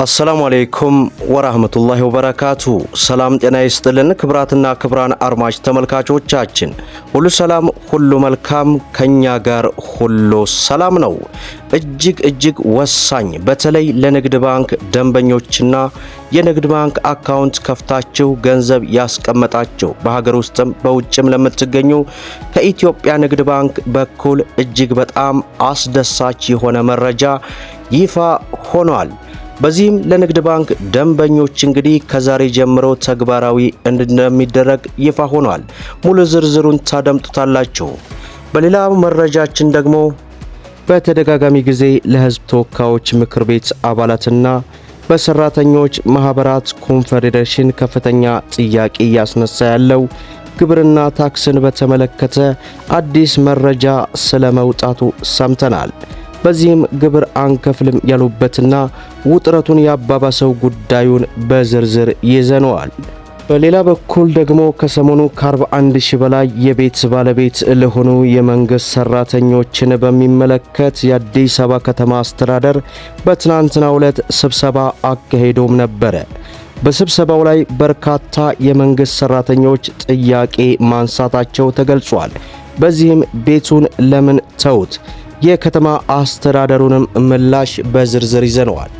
አሰላሙ አሌይኩም ወራህመቱላሂ ወበረካቱ። ሰላም ጤና ይስጥልን። ክብራትና ክብራን አድማጭ ተመልካቾቻችን ሁሉ ሰላም፣ ሁሉ መልካም፣ ከኛ ጋር ሁሉ ሰላም ነው። እጅግ እጅግ ወሳኝ በተለይ ለንግድ ባንክ ደንበኞችና የንግድ ባንክ አካውንት ከፍታችሁ ገንዘብ ያስቀመጣችሁ በሀገር ውስጥም በውጭም ለምትገኙ ከኢትዮጵያ ንግድ ባንክ በኩል እጅግ በጣም አስደሳች የሆነ መረጃ ይፋ ሆኗል። በዚህም ለንግድ ባንክ ደንበኞች እንግዲህ ከዛሬ ጀምሮ ተግባራዊ እንደሚደረግ ይፋ ሆኗል። ሙሉ ዝርዝሩን ታደምጡታላችሁ። በሌላ መረጃችን ደግሞ በተደጋጋሚ ጊዜ ለሕዝብ ተወካዮች ምክር ቤት አባላትና በሰራተኞች ማህበራት ኮንፌዴሬሽን ከፍተኛ ጥያቄ እያስነሳ ያለው ግብርና ታክስን በተመለከተ አዲስ መረጃ ስለመውጣቱ ሰምተናል። በዚህም ግብር አንከፍልም ያሉበትና ውጥረቱን ያባባሰው ጉዳዩን በዝርዝር ይዘነዋል። በሌላ በኩል ደግሞ ከሰሞኑ ከ41 ሺህ በላይ የቤት ባለቤት ለሆኑ የመንግሥት ሠራተኞችን በሚመለከት የአዲስ አበባ ከተማ አስተዳደር በትናንትናው ዕለት ስብሰባ አካሄዶም ነበረ። በስብሰባው ላይ በርካታ የመንግሥት ሠራተኞች ጥያቄ ማንሳታቸው ተገልጿል። በዚህም ቤቱን ለምን ተውት? የከተማ አስተዳደሩንም ምላሽ በዝርዝር ይዘነዋል።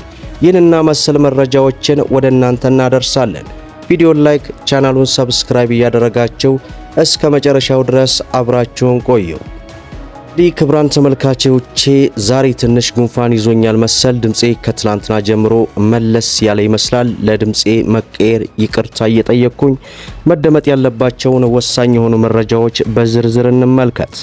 ይህንና መሰል መረጃዎችን ወደ እናንተ እናደርሳለን። ቪዲዮን ላይክ፣ ቻናሉን ሰብስክራይብ እያደረጋችሁ እስከ መጨረሻው ድረስ አብራችሁን ቆዩ። ዲ ክብራን ተመልካቾቼ ዛሬ ትንሽ ጉንፋን ይዞኛል መሰል ድምፄ ከትላንትና ጀምሮ መለስ ያለ ይመስላል። ለድምፄ መቀየር ይቅርታ እየጠየቅኩኝ መደመጥ ያለባቸውን ወሳኝ የሆኑ መረጃዎች በዝርዝር እንመልከት።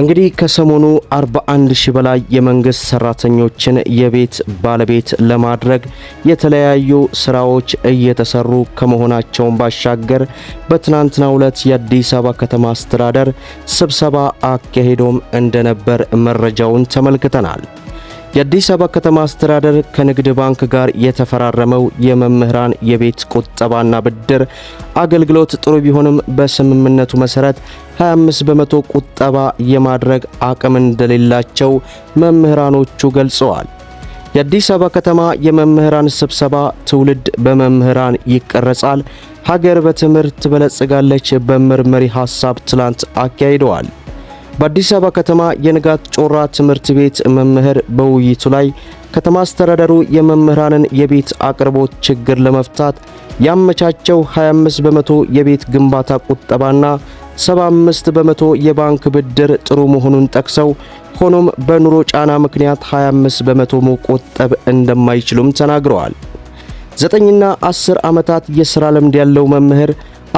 እንግዲህ ከሰሞኑ 41 ሺህ በላይ የመንግስት ሰራተኞችን የቤት ባለቤት ለማድረግ የተለያዩ ስራዎች እየተሰሩ ከመሆናቸውን ባሻገር በትናንትናው ዕለት የአዲስ አበባ ከተማ አስተዳደር ስብሰባ አካሄዶም እንደነበር መረጃውን ተመልክተናል። የአዲስ አበባ ከተማ አስተዳደር ከንግድ ባንክ ጋር የተፈራረመው የመምህራን የቤት ቁጠባና ብድር አገልግሎት ጥሩ ቢሆንም በስምምነቱ መሰረት 25 በመቶ ቁጠባ የማድረግ አቅም እንደሌላቸው መምህራኖቹ ገልጸዋል። የአዲስ አበባ ከተማ የመምህራን ስብሰባ ትውልድ በመምህራን ይቀረጻል፣ ሀገር በትምህርት ትበለጽጋለች በምርመሪ ሐሳብ ትላንት አካሂደዋል። በአዲስ አበባ ከተማ የንጋት ጮራ ትምህርት ቤት መምህር በውይይቱ ላይ ከተማ አስተዳደሩ የመምህራንን የቤት አቅርቦት ችግር ለመፍታት ያመቻቸው 25 በመቶ የቤት ግንባታ ቁጠባና 75 በመቶ የባንክ ብድር ጥሩ መሆኑን ጠቅሰው ሆኖም በኑሮ ጫና ምክንያት 25 በመቶ መቆጠብ እንደማይችሉም ተናግረዋል። ዘጠኝና አስር ዓመታት የሥራ ልምድ ያለው መምህር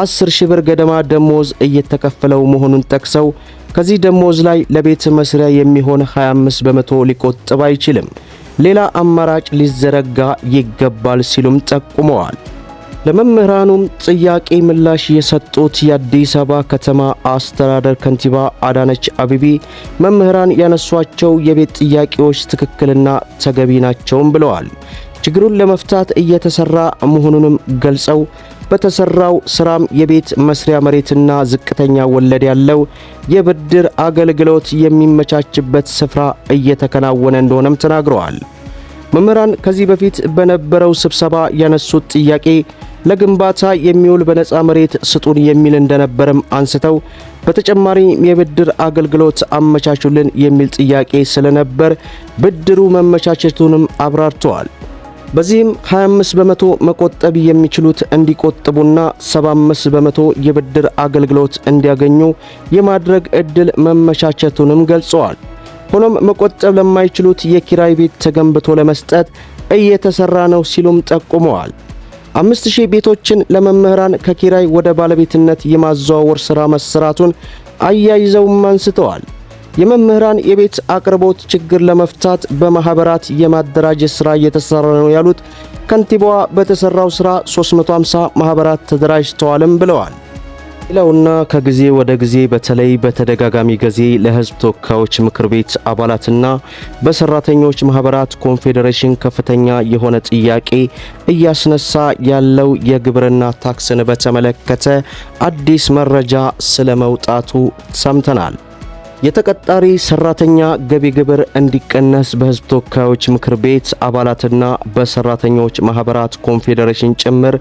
10 ሺህ ብር ገደማ ደሞዝ እየተከፈለው መሆኑን ጠቅሰው ከዚህ ደሞዝ ላይ ለቤት መስሪያ የሚሆን 25 በመቶ ሊቆጥብ አይችልም፣ ሌላ አማራጭ ሊዘረጋ ይገባል ሲሉም ጠቁመዋል። ለመምህራኑም ጥያቄ ምላሽ የሰጡት የአዲስ አበባ ከተማ አስተዳደር ከንቲባ አዳነች አቤቤ መምህራን ያነሷቸው የቤት ጥያቄዎች ትክክልና ተገቢ ናቸውም ብለዋል። ችግሩን ለመፍታት እየተሰራ መሆኑንም ገልጸው በተሰራው ስራም የቤት መስሪያ መሬትና ዝቅተኛ ወለድ ያለው የብድር አገልግሎት የሚመቻችበት ስፍራ እየተከናወነ እንደሆነም ተናግረዋል። መምህራን ከዚህ በፊት በነበረው ስብሰባ ያነሱት ጥያቄ ለግንባታ የሚውል በነፃ መሬት ስጡን የሚል እንደነበረም አንስተው በተጨማሪ የብድር አገልግሎት አመቻቹልን የሚል ጥያቄ ስለነበር ብድሩ መመቻቸቱንም አብራርተዋል። በዚህም 25 በመቶ መቆጠብ የሚችሉት እንዲቆጥቡና 75 በመቶ የብድር አገልግሎት እንዲያገኙ የማድረግ ዕድል መመቻቸቱንም ገልጸዋል። ሆኖም መቆጠብ ለማይችሉት የኪራይ ቤት ተገንብቶ ለመስጠት እየተሰራ ነው ሲሉም ጠቁመዋል። አምስት ሺህ ቤቶችን ለመምህራን ከኪራይ ወደ ባለቤትነት የማዘዋወር ሥራ መሰራቱን አያይዘውም አንስተዋል። የመምህራን የቤት አቅርቦት ችግር ለመፍታት በማህበራት የማደራጀት ስራ እየተሰራ ነው ያሉት ከንቲባዋ በተሰራው ስራ 350 ማህበራት ተደራጅተዋልም ብለዋል። ሌላውና ከጊዜ ወደ ጊዜ በተለይ በተደጋጋሚ ጊዜ ለህዝብ ተወካዮች ምክር ቤት አባላትና በሰራተኞች ማህበራት ኮንፌዴሬሽን ከፍተኛ የሆነ ጥያቄ እያስነሳ ያለው የግብርና ታክስን በተመለከተ አዲስ መረጃ ስለመውጣቱ ሰምተናል። የተቀጣሪ ሰራተኛ ገቢ ግብር እንዲቀነስ በህዝብ ተወካዮች ምክር ቤት አባላትና በሰራተኞች ማህበራት ኮንፌዴሬሽን ጭምር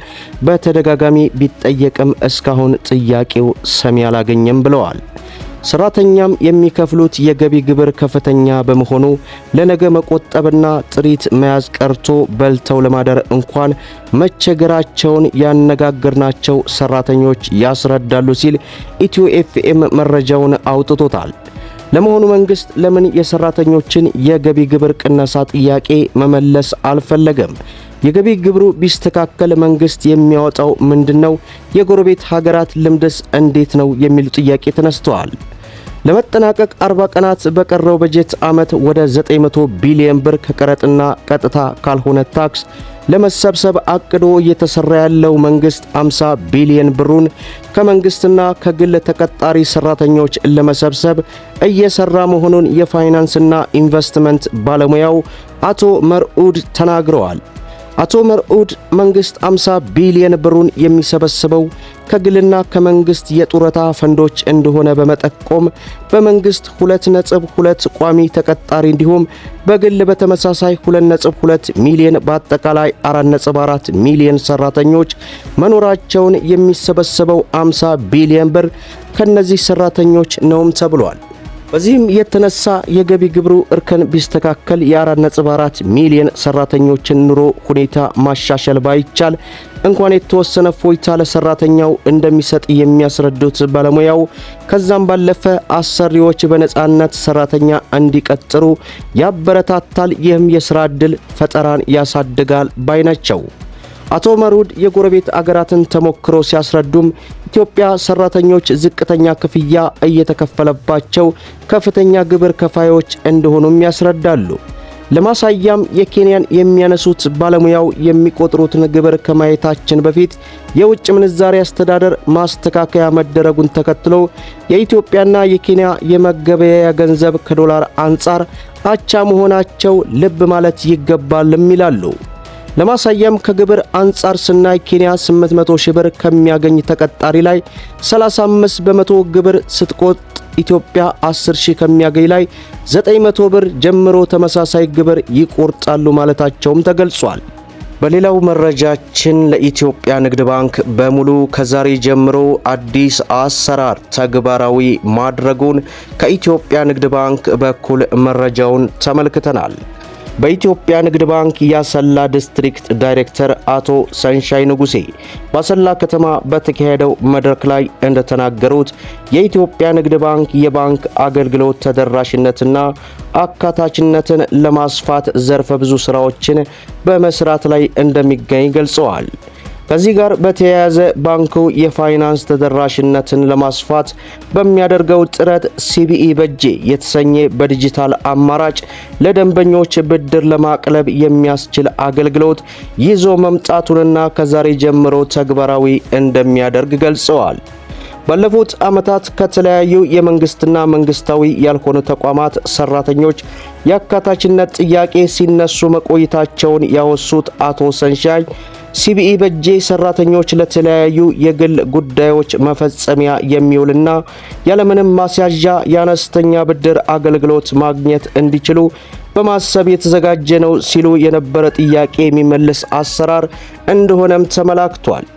በተደጋጋሚ ቢጠየቅም እስካሁን ጥያቄው ሰሚ አላገኘም ብለዋል። ሰራተኛም የሚከፍሉት የገቢ ግብር ከፍተኛ በመሆኑ ለነገ መቆጠብና ጥሪት መያዝ ቀርቶ በልተው ለማደር እንኳን መቸገራቸውን ያነጋገርናቸው ሰራተኞች ያስረዳሉ ሲል ኢትዮ ኤፍኤም መረጃውን አውጥቶታል። ለመሆኑ መንግስት ለምን የሰራተኞችን የገቢ ግብር ቅነሳ ጥያቄ መመለስ አልፈለገም? የገቢ ግብሩ ቢስተካከል መንግስት የሚያወጣው ምንድነው? የጎረቤት ሀገራት ልምድስ እንዴት ነው? የሚሉ ጥያቄ ተነስተዋል። ለመጠናቀቅ 40 ቀናት በቀረው በጀት ዓመት ወደ 900 ቢሊዮን ብር ከቀረጥና ቀጥታ ካልሆነ ታክስ ለመሰብሰብ አቅዶ እየተሰራ ያለው መንግስት 50 ቢሊዮን ብሩን ከመንግስትና ከግል ተቀጣሪ ሰራተኞች ለመሰብሰብ እየሰራ መሆኑን የፋይናንስና ኢንቨስትመንት ባለሙያው አቶ መርዑድ ተናግረዋል። አቶ መርዑድ መንግሥት 50 ቢሊየን ብሩን የሚሰበስበው ከግልና ከመንግሥት የጡረታ ፈንዶች እንደሆነ በመጠቆም በመንግሥት 2.2 ቋሚ ተቀጣሪ እንዲሁም በግል በተመሳሳይ 2.2 ሚሊዮን በአጠቃላይ 4.4 ሚሊዮን ሠራተኞች መኖራቸውን የሚሰበሰበው 50 ቢሊየን ብር ከእነዚህ ሠራተኞች ነውም ተብሏል። በዚህም የተነሳ የገቢ ግብሩ እርከን ቢስተካከል የ4.4 ሚሊዮን ሰራተኞችን ኑሮ ሁኔታ ማሻሸል ባይቻል እንኳን የተወሰነ ፎይታ ለሰራተኛው እንደሚሰጥ የሚያስረዱት ባለሙያው ከዛም ባለፈ አሰሪዎች በነጻነት ሰራተኛ እንዲቀጥሩ ያበረታታል። ይህም የስራ ዕድል ፈጠራን ያሳድጋል ባይ ናቸው። አቶ ኡመር የጎረቤት አገራትን ተሞክሮ ሲያስረዱም ኢትዮጵያ ሰራተኞች ዝቅተኛ ክፍያ እየተከፈለባቸው ከፍተኛ ግብር ከፋዮች እንደሆኑም ያስረዳሉ። ለማሳያም የኬንያን የሚያነሱት ባለሙያው የሚቆጥሩትን ግብር ከማየታችን በፊት የውጭ ምንዛሪ አስተዳደር ማስተካከያ መደረጉን ተከትሎ የኢትዮጵያና የኬንያ የመገበያያ ገንዘብ ከዶላር አንጻር አቻ መሆናቸው ልብ ማለት ይገባልም ይላሉ። ለማሳያም ከግብር አንጻር ስናይ ኬንያ 800 ሺህ ብር ከሚያገኝ ተቀጣሪ ላይ 35 በመቶ ግብር ስትቆጥ ኢትዮጵያ 10 ሺህ ከሚያገኝ ላይ 900 ብር ጀምሮ ተመሳሳይ ግብር ይቆርጣሉ ማለታቸውም ተገልጿል። በሌላው መረጃችን ለኢትዮጵያ ንግድ ባንክ በሙሉ ከዛሬ ጀምሮ አዲስ አሰራር ተግባራዊ ማድረጉን ከኢትዮጵያ ንግድ ባንክ በኩል መረጃውን ተመልክተናል። በኢትዮጵያ ንግድ ባንክ የአሰላ ዲስትሪክት ዳይሬክተር አቶ ሰንሻይ ንጉሴ በአሰላ ከተማ በተካሄደው መድረክ ላይ እንደተናገሩት የኢትዮጵያ ንግድ ባንክ የባንክ አገልግሎት ተደራሽነትና አካታችነትን ለማስፋት ዘርፈ ብዙ ስራዎችን በመስራት ላይ እንደሚገኝ ገልጸዋል። ከዚህ ጋር በተያያዘ ባንኩ የፋይናንስ ተደራሽነትን ለማስፋት በሚያደርገው ጥረት ሲቢኢ በጄ የተሰኘ በዲጂታል አማራጭ ለደንበኞች ብድር ለማቅለብ የሚያስችል አገልግሎት ይዞ መምጣቱንና ከዛሬ ጀምሮ ተግባራዊ እንደሚያደርግ ገልጸዋል። ባለፉት ዓመታት ከተለያዩ የመንግስትና መንግስታዊ ያልሆኑ ተቋማት ሰራተኞች የአካታችነት ጥያቄ ሲነሱ መቆየታቸውን ያወሱት አቶ ሰንሻይ ሲቢኢ በጄ ሰራተኞች ለተለያዩ የግል ጉዳዮች መፈጸሚያ የሚውልና ያለምንም ማስያዣ የአነስተኛ ብድር አገልግሎት ማግኘት እንዲችሉ በማሰብ የተዘጋጀ ነው ሲሉ የነበረ ጥያቄ የሚመልስ አሰራር እንደሆነም ተመላክቷል።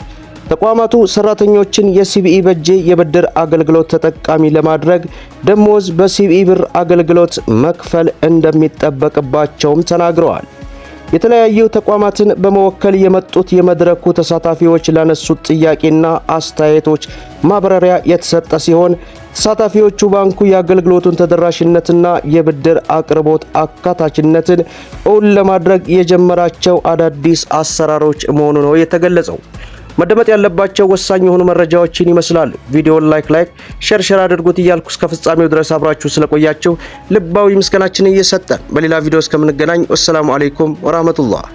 ተቋማቱ ሰራተኞችን የሲቢኢ በጄ የብድር አገልግሎት ተጠቃሚ ለማድረግ ደሞዝ በሲቢኢ ብር አገልግሎት መክፈል እንደሚጠበቅባቸውም ተናግረዋል። የተለያዩ ተቋማትን በመወከል የመጡት የመድረኩ ተሳታፊዎች ላነሱት ጥያቄና አስተያየቶች ማብራሪያ የተሰጠ ሲሆን ተሳታፊዎቹ ባንኩ የአገልግሎቱን ተደራሽነትና የብድር አቅርቦት አካታችነትን እውን ለማድረግ የጀመራቸው አዳዲስ አሰራሮች መሆኑ ነው የተገለጸው። መደመጥ ያለባቸው ወሳኝ የሆኑ መረጃዎችን ይመስላሉ። ቪዲዮውን ላይክ ላይክ ሸር ሸር አድርጉት እያልኩ እስከ ፍጻሜው ድረስ አብራችሁ ስለቆያችሁ ልባዊ ምስጋናችን እየሰጠን በሌላ ቪዲዮ እስከምንገናኝ ወሰላሙ አሌይኩም ወራህመቱላህ